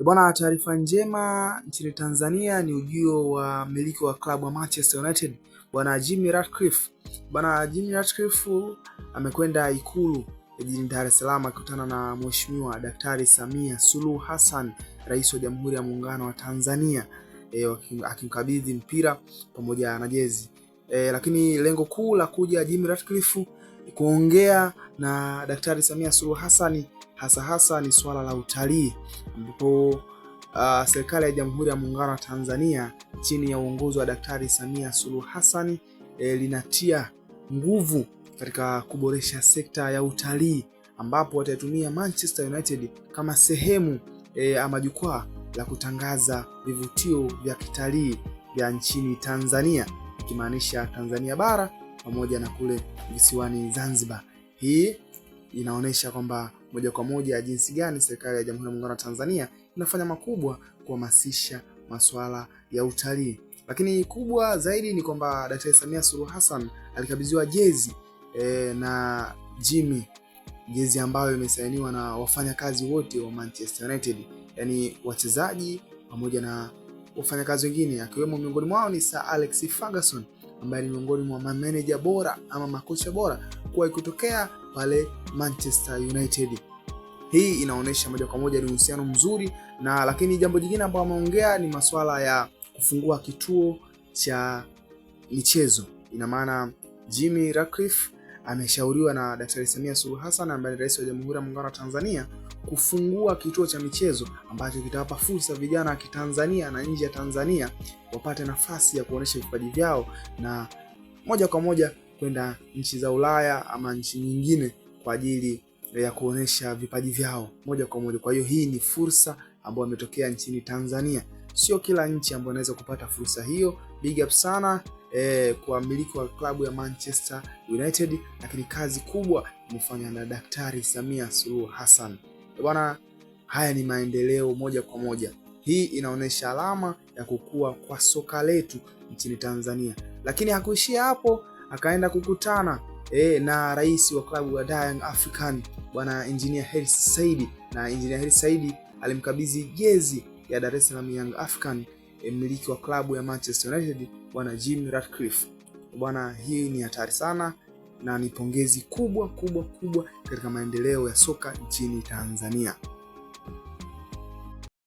E bwana, taarifa njema nchini Tanzania ni ujio wa mmiliki wa klabu wa Manchester United bwana Jimmy Ratcliffe. Bwana Jimmy Ratcliffe amekwenda Ikulu jijini Dar es Salaam akikutana na Mheshimiwa Daktari Samia Suluhu Hassan, rais wa Jamhuri ya Muungano wa Tanzania e, akimkabidhi mpira pamoja na jezi e, lakini lengo kuu la kuja Jimmy Ratcliffe kuongea na Daktari Samia Suluhu Hassan hasa hasa ni swala la utalii ambapo uh, serikali ya Jamhuri ya Muungano wa Tanzania chini ya uongozi wa Daktari Samia Suluhu Hassan e, linatia nguvu katika kuboresha sekta ya utalii ambapo wataitumia Manchester United kama sehemu e, ama jukwaa la kutangaza vivutio vya kitalii vya nchini Tanzania, ikimaanisha Tanzania bara pamoja na kule visiwani Zanzibar. Hii inaonyesha kwamba moja kwa moja jinsi gani serikali ya Jamhuri ya Muungano wa Tanzania inafanya makubwa kuhamasisha masuala ya utalii. Lakini kubwa zaidi ni kwamba Daktari Samia Suluhu Hassan alikabidhiwa jezi e, na Jimmy, jezi ambayo imesainiwa na wafanyakazi wote wa Manchester United, yaani wachezaji pamoja na wafanyakazi wengine, akiwemo miongoni mwao ni Sir Alex Ferguson ambaye ni miongoni mwa mameneja bora ama makocha bora kuwahi kutokea pale Manchester United. Hii inaonyesha moja kwa moja ni uhusiano mzuri na, lakini jambo jingine ambalo ameongea ni masuala ya kufungua kituo cha michezo. Ina maana Jimmy Ratcliffe ameshauriwa na Daktari Samia Suluhu Hassan ambaye ni rais wa Jamhuri ya Muungano wa Tanzania kufungua kituo cha michezo ambacho kitawapa fursa vijana wa Kitanzania na nje ya Tanzania wapate nafasi ya kuonesha vipaji vyao na moja kwa moja kwenda nchi za Ulaya ama nchi nyingine kwa ajili ya kuonesha vipaji vyao moja kwa moja. Kwa hiyo hii ni fursa ambayo imetokea nchini Tanzania. Sio kila nchi ambayo inaweza kupata fursa hiyo. Big up sana eh, kwa mmiliki wa klabu ya Manchester United, lakini kazi kubwa imefanywa na Daktari Samia Suluhu Hassan. Bwana, haya ni maendeleo moja kwa moja. Hii inaonyesha alama ya kukua kwa soka letu nchini Tanzania, lakini hakuishia hapo akaenda kukutana e, na rais wa klabu ya Young African bwana Engineer Hersi Said, na Engineer Hersi Said alimkabidhi jezi ya Dar es Salaam Young African e, mmiliki wa klabu ya Manchester United bwana Jim Ratcliffe. Bwana, hii ni hatari sana na ni pongezi kubwa kubwa kubwa katika maendeleo ya soka nchini Tanzania.